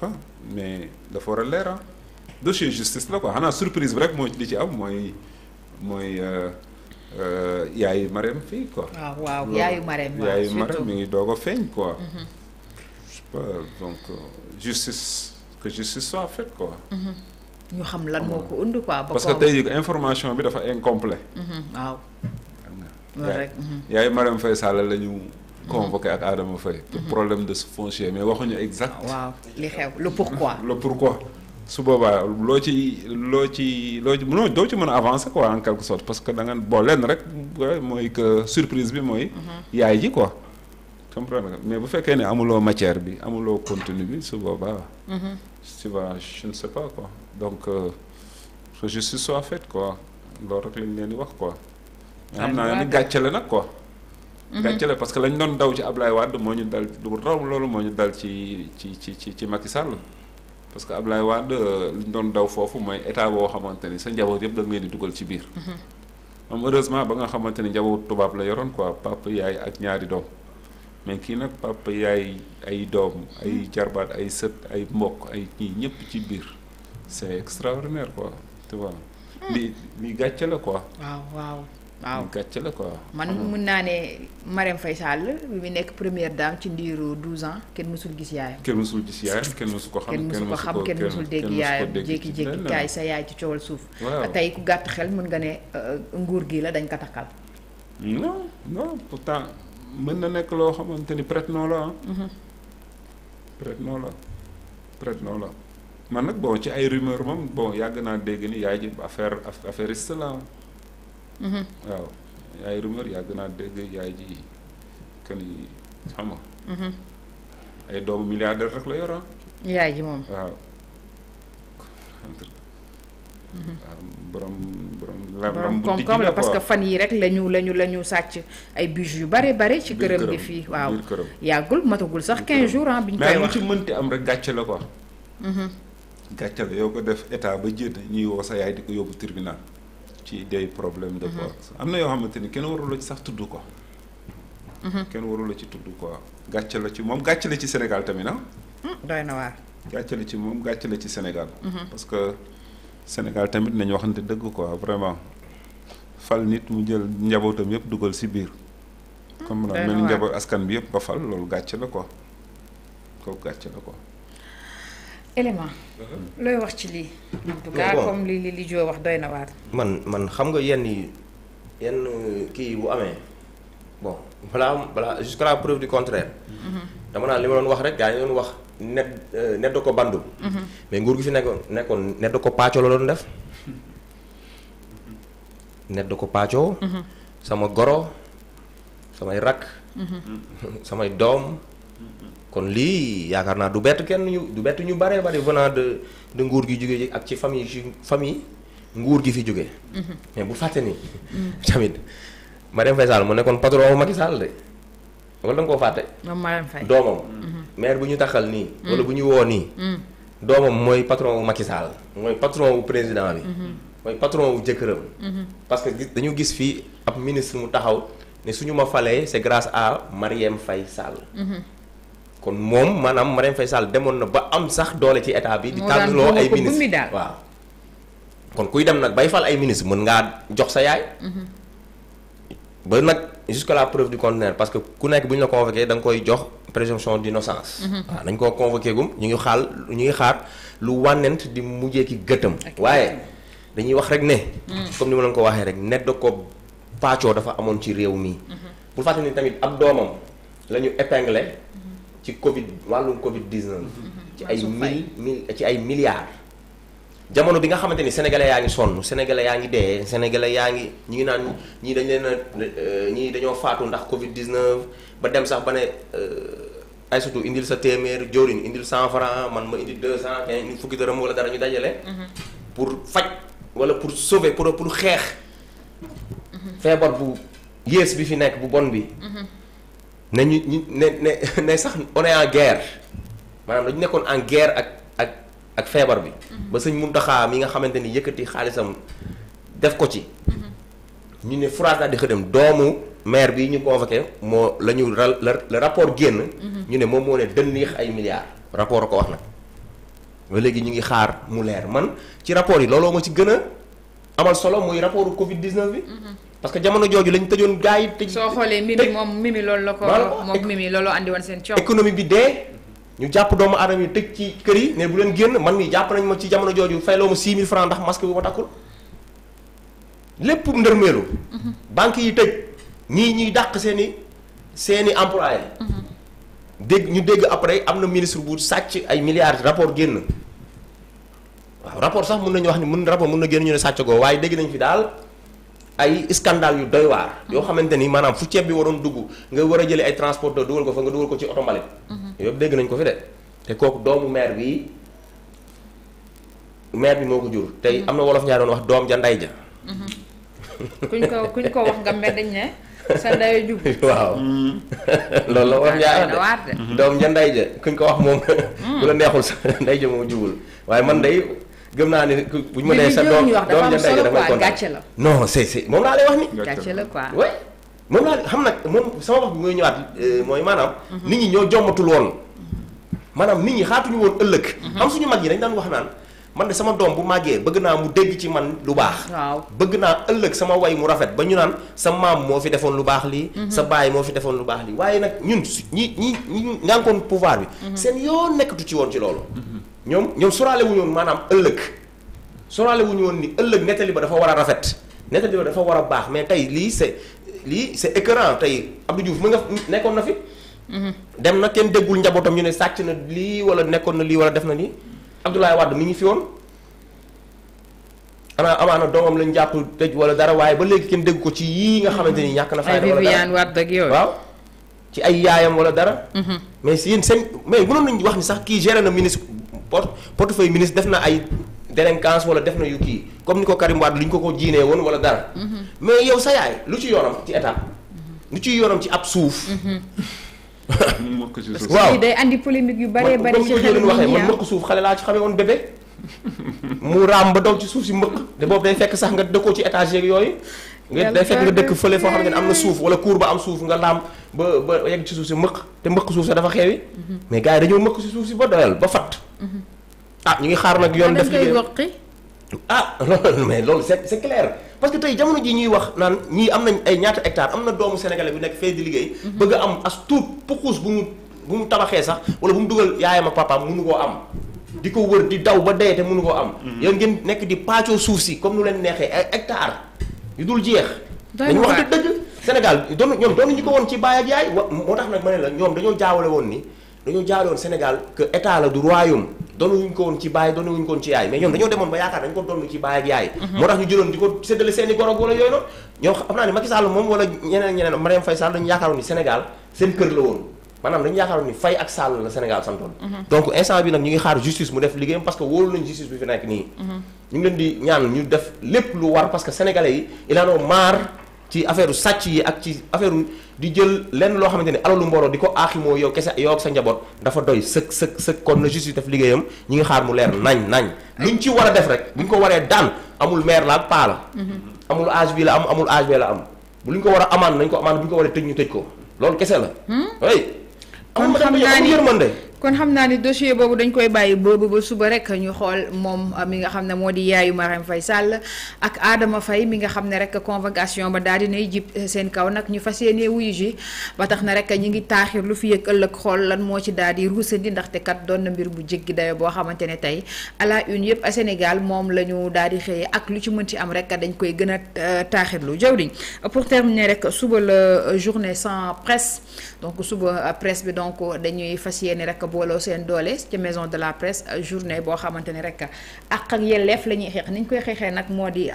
pas mais dafa war a leer ah dossier justice la quoi xanaa surprise bi rek moo li ci am mooy mooy euh, euh, yaayu Marème fii quoi. Ah, waaw waaw yaayu Marème yaayu Marème a feeñ quoi. Mhm. pas donc euh, justice que justice soit faite quoi. Mhm. ñu xam lan moo ah. ko und quoi. parce que tey information bi dafa incomplet mhm, yaayu Marème Faye Sall la convoqué ak Adama Faye mhm. problème de foncier mais waxuñu exact ah, waaw li xew le pourquoi le pourquoi su boobaa loo ci loo ci loo ci mënoo doo ci mën a avancer quoi en quelque sorte parce que da nga bon lenn rek mooy que surprise bi mooy mhm. yaay ji quoi comprendre mais bu fekkee ne amuloo matière bi amuloo contenu bi su boobaa mhm. tu vois je ne sais pas quoi donc euh, que justice soit faite quoi loolu rek lañ leen di wax quoi xam naa ni gàcce nag quoi gàcce mm-hmm. la parce que lañ doon daw ci Ablaye Wade moo ñu dal lu raw loolu moo ñu dal ci ci ci ci ci Macky parce que Ablaye Wade euh, liñ doon daw foofu mooy état boo xamante ni sa njaboot yëpp da nga di dugal ci biir. Mm-hmm. moom heureusement ba nga xamante ni njaboot tubaab la yoroon quoi papa yaay ak ñaari doom mais kii nag papa yaay ay doom ay mm-hmm. jarbaat ay sët ay mbokk ay kii ñëpp ci biir c'est extraordinaire quoi mm. li li gàcce la quoi. waaw gàcce la quoi. man mun naa ne Marème Faye Sall bi nekk première dame ci ndiiru 12 ans kenn mësul gis yaayam. kenn mësul gis yaayam kenn mësu ko xam. kenn mësu ko xam kenn dégg yaayam jékki-jékki kaay sa yaay ci coowal suuf. tey ku gàtt xel mun nga ne euh, nguur gi la dañ ko takkal. non non pourtant mën na nekk loo xamante ni prête noo la ah. Mhm. prête noo la man nag bon ci ay rumeur moom bon yàgg naa dégg ni yaay ji affaire affairiste la ah. waaw yaay rumeur yàgg naa dégg yaay ji kan yi xam mhm. ay doomu milliardaire rek la yor ah. yaay ji moom waaw. Mhm. borom borom. borom koom-koom parce que fan yi rek lañu lañu lañu sàcc ay bijoux yu bare bare. ci këram gi fii waaw yàggul matagul sax 15 jours ah. bi ñu koy wax gàcce la quoi. Mhm. gàcce la yow ko def état ba jéem ñuy woo sa yaay di ko yóbbu tribunal. ci des problèmes de boxe mhm. am na yoo xamante ni kenn warul ci sax tudd ko mhm. kenn warul la ci tudd quoi gàcce la ci moom gàcc la ci Sénégal tamit na doy na waar gàcce ci moom gàcce la ci Sénégal parce que Sénégal tamit nañ waxante dëgg ko vraiment fal nit mu jël njabootam yëpp dugal si biir hmm, comme na mel njaboot askan bi yëpp ba fal loolu gàcce la quoi kooku gàcce la ko élément mhm. looy wax ci lii. man man xam nga yenn yi yenn kii bu amee balaa balaa jusqu'à la preuve du contraire. Mhm. dama naan li ma doon wax rek gaa yi doon wax net euh, net da ko bandu. Mhm. mais nguur gi fi nekkoon nekkoon net da ko pàccoo la doon def. net da ko pàccoo. sama goro samay rakk. samay doom. kon lii yaakaar naa du bett kenn ñu du bett ñu baree bari venant de nguur gi jógee ak ci famille ci famille nguur gi fi jógee. Mm-hmm. mais bu fàtte ni. tamit Marième Faye Sall mu nekkoon patron Macky Sall de wala da nga koo fàtte. moom Marième doomam. Mm-hmm. maire bu ñu taxal nii. Mm. wala bu ñu woo nii. Mm. doomam mooy patron wu Macky Sall mooy patron wu président bi. Mm-hmm. mooy patron wu jëkkëram. parce que gis dañu gis fii ab ministre mu taxaw ne suñu ma falee c'est grâce a Marième Faye Sall. kon moom maanaam Marème Faye Sall demoon na ba am sax doole ci état bi. di tànnloo ay ministre waaw. kon kuy dem nag bay fal ay ministre mën ngaa jox sa yaay. Mm-hmm. ba nag jusqu'à la preuve du contraire parce que ku nekk bu ñu la convoqué da nga koy jox présomption d'innocence. Mm-hmm. waaw dañ koo convoqué gum ñu ngi xaal ñu xaar lu wànnent di mujjee ki gëtëm. waaye dañuy wax rek ne. Mm. comme ni ma leen ko waxee rek net da ko pàccoo dafa amoon ci réew mi. Mm-hmm. bu fàttali ni tamit ab doomam ci Covid wàllum Covid 19. Mhm. ci ay mille mille ci ay milliards. jamono bi nga xamante ni sénégalais yaa ngi sonn sénégalais yaa ngi dee sénégalais yaa ngi ñu ngi naan ñii dañ leen a euh, ñi dañoo faatu ndax Covid 19 ba dem sax ba ne euh, ay surtout sa téeméer joorin indi cent franc man ma indil deux cent keneen fukki dërëm wala dara ñu dajale. Mhm. pour faj wala pour sauver pour pour xeex. Mhm. feebar bu yées bi fi nekk bu bon bi. ne ñu ñu ne ne ne sax on est en guerre maanaam dañu nekkoon en guerre ak ak ak feebar bi. Mhm. ba sëñ Muntaxa mi nga xamante ni yëkkati xaalisam def ko ci. Mhm. ñu ne Furaas daal di xëdem doomu maire bi ñu convoqué moo la ñu la rapport génn. Mhm. ñu ne moom moo ne dënniix ay milliards. rapport ko wax nag ba léegi ñu ngi xaar mu leer man ci rapport yi looloo ma ci gën a amal solo muy rapportu Covid 19 bi. parce que jamono jooju lañ tëjoon gars yi. tëj soo xoolee mimi moom mimi loolu la ko. moom mimi loolu andi woon seen coow. économie bi dee ñu jàpp doomu aadama yi tëj ci kër yi ne bu leen génn man mii jàpp nañ ma ci jamono jooju fayloo ma 6000 francs ndax masque bi ma takkul lépp ndërmeelu. Mhm. banques yi tëj ñii ñuy dàq seeni seeni seen mhm. dégg ñu dégg après am na ministre bu sàcc ay milliards rapport génn waaw rapport sax mun nañu wax ni mun rapport mun na génn ñu ne sàcc ko waaye dégg nañ fi daal. ay scandale yu doy waar. yoo xamante ni maanaam fu ceeb bi waroon dugg nga war a jële ay transporteur dugal ko fa nga dugal ko ci oto mbalit. Mhm. yëpp dégg nañ ko fi de te kooku doomu maire bi maire bi moo ko jur tey mhm. am na wolof ñaa wax doom ja nday ja. Mhm. kuñ ko kuñ ko wax nga mel ne sa ndayo jub waaw loolu la wolof ñaa nday ja kuñ ko wax moom. bu la neexul sa nday ja moo jubul waaye man day. gëm naa ne bu ñu ma nee sa doom doom ja ndey ja damay kontaan non moom laa wax ni gàcce la quoi nag moom sama wax ñëwaat euh, mooy maanaam mhm. nit ñi ñoo jommatul woon mhm. maanaam nit ñi xaatuñu woon ëllëg xam mhm. suñu mag yi dañ daan wax naan man de sama doom bu màggee bëgg naa mu dégg ci man lu baax bëgg naa ëllëg sama way mu rafet ba ñu naan sa maam moo fi defoon lu baax lii sa baay moo fi defoon lu baax lii waaye nag ñun ñi ñi ñi ngànkoon pouvoir bi seen yoon nekkatu ci woon ci loolu ñoom ñoom soraale wuñu woon maanaam ëllëg soraale wuñu woon ni ëllëg nettali ba dafa war a rafet nettali ba dafa war a baax mais tey lii c'est lii se écœurant tey Abdou Diouf mu nga nekkoon na fi. Mhm. dem na kenn déggul njabootam ñu ne sàcc na lii wala nekkoon na lii wala def na lii Abdoulaye Wade mi ngi fi woon. xanaa amaana doomam lañ jàpp tëj wala dara waaye ba léegi kenn dégg ko ci yi nga xamante ni ñàkk na. fayda wala dara waaw ci ay yaayam wala dara. Mhm. mais si seen mais mënoon nañu wax ni sax porte portefeuille ministre def na ay délinquance wala def na yu kii comme ni ko Karim Wade li ñu ko ko jiinee woon wala dara. Mm-hmm. mais yow sa yaay lu ci yoonam ci état. Mm-hmm. lu ci yoonam ci ab suuf. Mm-hmm. waaw day andi polémique yu bëree bëri ci xel waxee man ah. mbëkk suuf xale laa ci xamee woon bébé mu raam ba daw ci suuf si mbëkk te boobu day fekk sax nga dëkkoo ci étage yooyu nga day fekk nga dëkk fële foo xam ne am na suuf wala kuur ba am suuf nga laam ba ba yegg ci suuf si mëq te mëq suuf sa dafa xeewi mhm. mais gars yi dañoo mëq si suuf si ba doyal ba fatt mhm. ah, ñu ngi xaar nag yoon def liggéey ah loolu mais loolu c'est c'est clair parce que tey jamono ji ñuy wax naan ñii am nañ ay ñaata hectare am na doomu sénégalais bu nekk fee di liggéey mhm. bëgg a am as tuut bu mu bu mu tabaxee sax wala bu mu dugal yaayam ak papaam mënu koo am di ko wër di daw ba dee te mënu koo am yéen ngeen nekk di paccoo suuf si comme nu leen neexee ay hectare yu dul jeex. dañu wax dëgg Sénégal doon ñoom doon ñu ko woon ci baay ak yaay moo tax nag ma ne la ñoom dañoo jaawale woon ni dañoo jaawale woon Sénégal que état la du royaume doonuñu ko woon ci baay doonuñu ko woon ci yaay mais ñoom dañoo demoon ba yaakaar dañu ko doon ci baay ak yaay. Mhm. moo tax ñu jëloon di ko séddale seen i gorog yooyu noonu ñoom xam naa ne Macky moom wala ñeneen ñeneen Mariam Faye Sall dañu yaakaaroon ni Sénégal seen kër la woon maanaam dañu yaakaaroon ni Faye ak Sall la Sénégal santoon mhm. donc instant bi nag ñu ngi xaar justice mu def liggéeyam parce que wóolu nañ justice bi fi nekk nii mhm. ñu ngi leen di ñaan ñu def lépp lu war parce que sénégalais yi il en ci affaire sàcc yi ak ci affaire di jël lenn loo xamante ne alalu mbooloo di ko aaximoo yow kese yow ak sa njaboot dafa doy sëkk sëkk sëkk kon na justice def liggéeyam ñi ngi xaar mu leer nañ nañ luñ ci war a def rek buñ ko waree daan amul maire la ak la mhm. amul âge bi la am amul âge bi bu ko war nañ ko amaan bu ñu ko waree ko loolu kese la hmm? xam naa ni kon xam naa ni dossier boobu dañ koy bàyyi boobu ba suba rek ñu xool moom euh, mi nga xam ne moo di yaayu Marème fay sàll ak aadama fay mi nga xam ne rek convocation ba daal dinay jib euh, seen kaw nag ñu fas yéene wuyu ji ba tax na rek ñi ngi taaxir lu fi yëg ëllëg xool lan moo ci daal di ruusandi ndaxte kat doon mbir bu jéggi dayo boo xamante ne tey à une yëpp Sénégal moom la ñu daal di xëyee ak lu ci mën ci am rek dañ koy gën a euh, taaxirlu jawriñ pour terminer rek suba la journée sans presse donc suba presse bi donc dañuy fas yéene rek booloo seen doole ci maison de la presse journée boo xamante ni rek ak ak yelleef la ñuy xeex ni ñu koy xeexee nag moo di.